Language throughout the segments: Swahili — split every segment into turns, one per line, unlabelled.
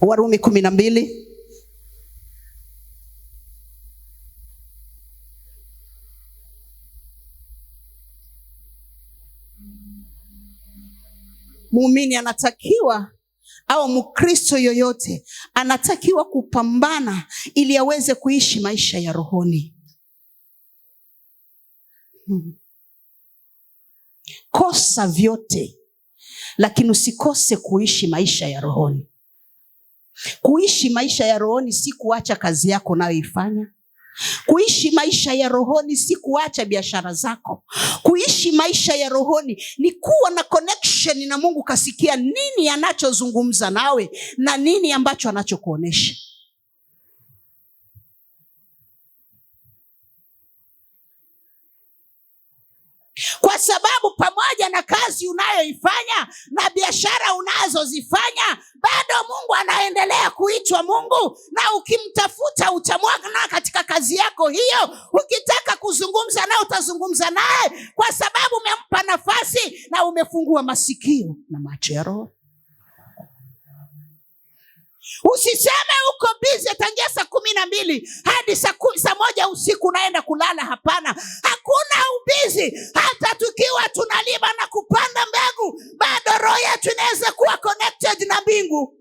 Warumi kumi na mbili muumini anatakiwa au mkristo yoyote anatakiwa kupambana ili aweze kuishi maisha ya rohoni. Kosa vyote lakini usikose kuishi maisha ya rohoni. Kuishi maisha ya rohoni si kuacha kazi yako unayoifanya. Kuishi maisha ya rohoni si kuacha biashara zako. Kuishi maisha ya rohoni ni kuwa na connection na Mungu, kasikia nini anachozungumza nawe na nini ambacho anachokuonesha. kazi unayoifanya na biashara unazozifanya bado mungu anaendelea kuitwa mungu na ukimtafuta utamwana katika kazi yako hiyo ukitaka kuzungumza naye utazungumza naye kwa sababu umempa nafasi na umefungua masikio na macho ya roho usiseme uko bize tangia saa kumi na mbili hadi saa moja usiku unaenda kulala hapana hakuna ubizi hata tukiwa tunalima na kupanda mbegu bado roho yetu inaweza kuwa connected na mbingu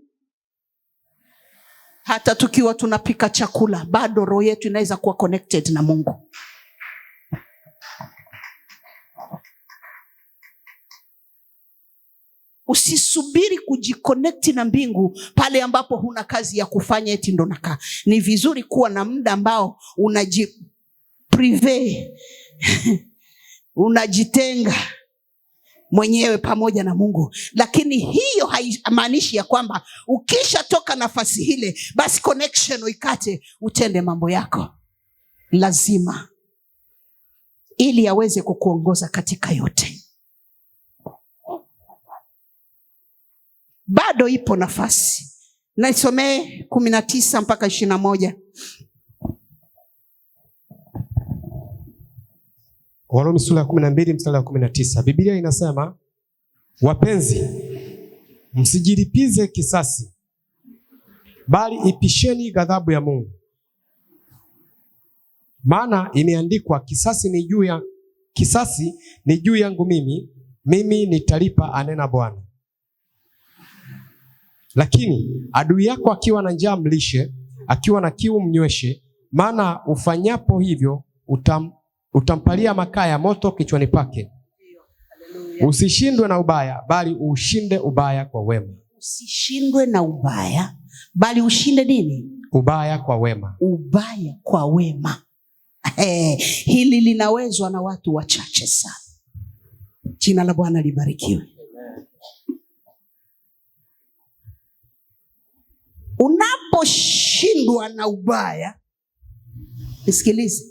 hata tukiwa tunapika chakula bado roho yetu inaweza kuwa connected na mungu Usisubiri kujikonekti na mbingu pale ambapo huna kazi ya kufanya, eti ndo nakaa. Ni vizuri kuwa na muda ambao unaji unajitenga mwenyewe pamoja na Mungu, lakini hiyo haimaanishi ya kwamba ukishatoka nafasi hile basi connection uikate utende mambo yako. Lazima ili aweze kukuongoza katika yote. bado ipo nafasi. Naisomee kumi na tisa mpaka ishirini na moja.
Warumi sura ya kumi na mbili mstari wa kumi na tisa Biblia inasema, wapenzi, msijilipize kisasi, bali ipisheni ghadhabu ya Mungu, maana imeandikwa, kisasi ni juu ya kisasi ni juu yangu mimi, mimi nitalipa, anena Bwana. Lakini adui yako akiwa na njaa mlishe, akiwa na kiu mnyweshe, maana ufanyapo hivyo utam, utampalia makaa ya moto kichwani pake. Usishindwe na ubaya, bali ushinde ubaya kwa wema.
Usishindwe na ubaya, bali ushinde nini?
Ubaya kwa wema.
Ubaya kwa wema. Eh, hili linawezwa na watu wachache sana. Jina la Bwana libarikiwe. unaposhindwa na ubaya nisikilize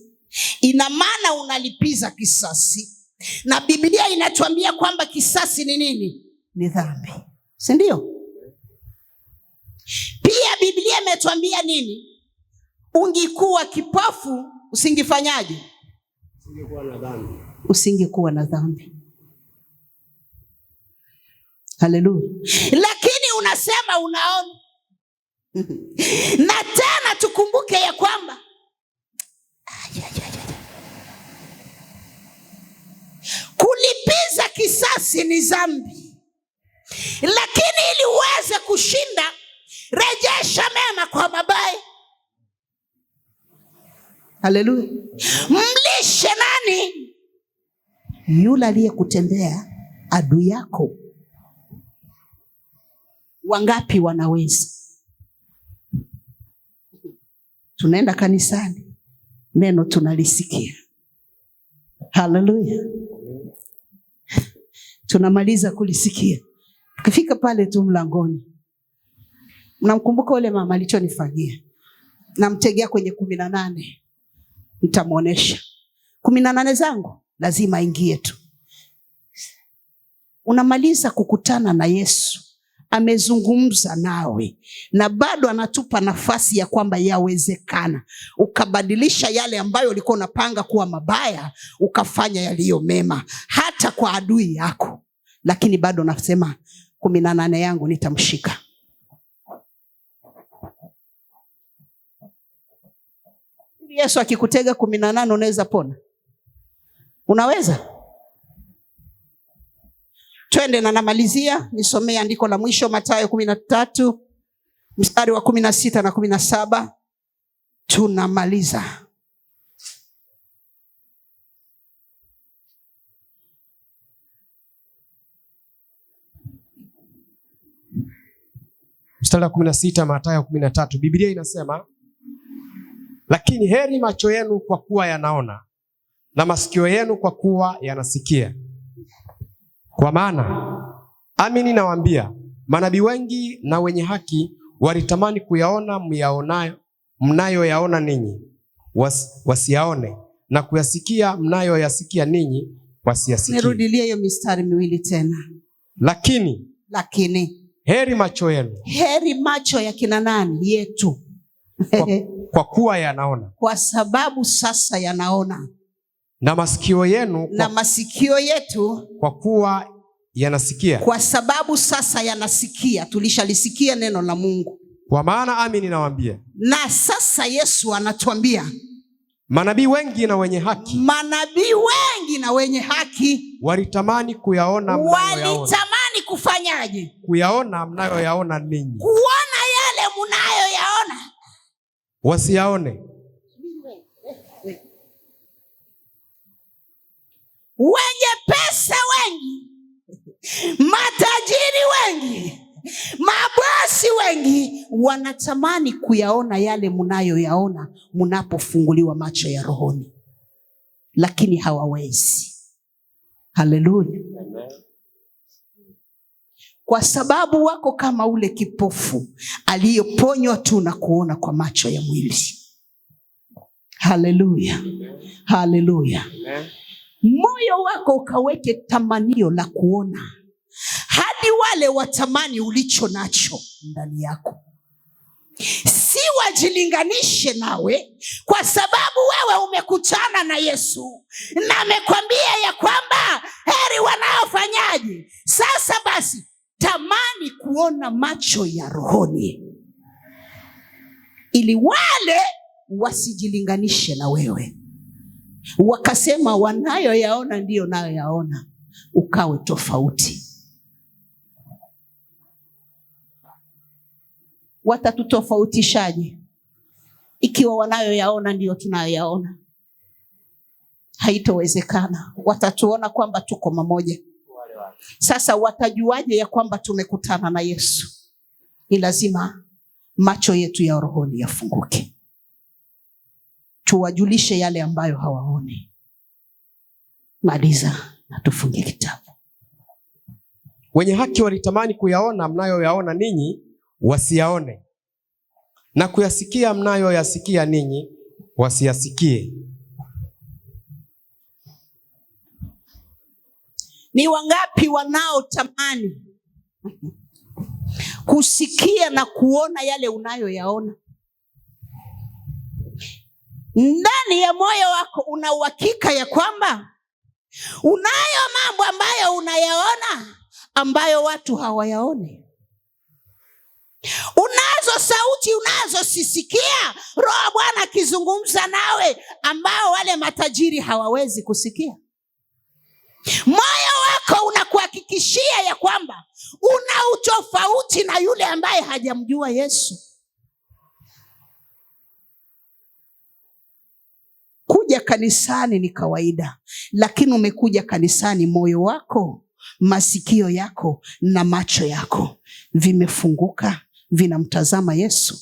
ina maana unalipiza kisasi na biblia inatuambia kwamba kisasi ni nini ni dhambi sindio pia biblia imetuambia nini ungikuwa kipofu usingifanyaje usingekuwa na dhambi haleluya lakini unasema unaona na tena tukumbuke ya kwamba kulipiza kisasi ni zambi lakini ili uweze kushinda rejesha mema kwa mabaya haleluya mlishe nani yule aliyekutendea adui yako wangapi wanaweza Tunaenda kanisani, neno tunalisikia. Haleluya, tunamaliza kulisikia, tukifika pale tu mlangoni, mnamkumbuka ule mama alichonifanyia, namtegea kwenye kumi na nane, ntamwonyesha kumi na nane zangu lazima ingie tu. Unamaliza kukutana na Yesu amezungumza nawe na bado anatupa nafasi ya kwamba yawezekana ukabadilisha yale ambayo ulikuwa unapanga kuwa mabaya ukafanya yaliyo mema hata kwa adui yako, lakini bado nasema kumi na nane yangu nitamshika. Yesu akikutega kumi na nane unaweza pona? Unaweza? twende na namalizia, nisomee andiko la mwisho matayo kumi na tatu mstari wa kumi na sita na kumi na saba tunamaliza.
Mstari wa kumi na sita matayo kumi na tatu Biblia inasema lakini heri macho yenu kwa kuwa yanaona na masikio yenu kwa kuwa yanasikia kwa maana amini nawaambia, manabii wengi na wenye haki walitamani kuyaona myaonayo mnayoyaona ninyi was, wasiyaone na kuyasikia mnayoyasikia ninyi wasiyasikie.
Nirudilie hiyo mistari miwili tena.
Lakini,
lakini
heri macho yenu,
heri macho ya kina nani? Yetu
kwa, kwa kuwa yanaona,
kwa sababu sasa yanaona,
na masikio yenu
kwa, na masikio yetu
kwa kuwa yanasikia,
kwa sababu sasa yanasikia. Tulishalisikia neno la Mungu.
Kwa maana ami ninawaambia,
na sasa Yesu anatuambia
manabii wengi na wenye haki,
manabii wengi na wenye haki
walitamani kuyaona walitamani
kufanyaje?
Kuyaona mnayoyaona ninyi,
kuona yale mnayoyaona,
wasiyaone
wenye pesa wengi Matajiri wengi, mabasi wengi wanatamani kuyaona yale mnayoyaona mnapofunguliwa macho ya rohoni, lakini hawawezi. Haleluya! Kwa sababu wako kama ule kipofu aliyeponywa tu na kuona kwa macho ya mwili. Haleluya, haleluya moyo wako ukaweke tamanio la kuona hadi wale watamani ulicho nacho ndani yako si wajilinganishe nawe kwa sababu wewe umekutana na yesu na amekwambia ya kwamba heri wanaofanyaje sasa basi tamani kuona macho ya rohoni ili wale wasijilinganishe na wewe Wakasema wanayoyaona ndiyo nayoyaona, ukawe tofauti. Watatutofautishaje ikiwa wanayoyaona ndiyo tunayoyaona? Haitowezekana. Watatuona kwamba tuko mamoja. Sasa watajuaje ya kwamba tumekutana na Yesu? Ni lazima macho yetu ya rohoni yafunguke tuwajulishe yale ambayo hawaoni. Maliza na tufunge kitabu.
Wenye haki walitamani kuyaona mnayoyaona ninyi wasiyaone, na kuyasikia mnayoyasikia ninyi wasiyasikie.
Ni wangapi wanaotamani kusikia na kuona yale unayoyaona? ndani ya moyo wako una uhakika ya kwamba unayo mambo ambayo unayaona ambayo watu hawayaoni unazo sauti unazosisikia roho bwana akizungumza nawe ambao wale matajiri hawawezi kusikia moyo wako unakuhakikishia ya kwamba una utofauti na yule ambaye hajamjua yesu kuja kanisani ni kawaida, lakini umekuja kanisani moyo wako, masikio yako na macho yako vimefunguka, vinamtazama Yesu.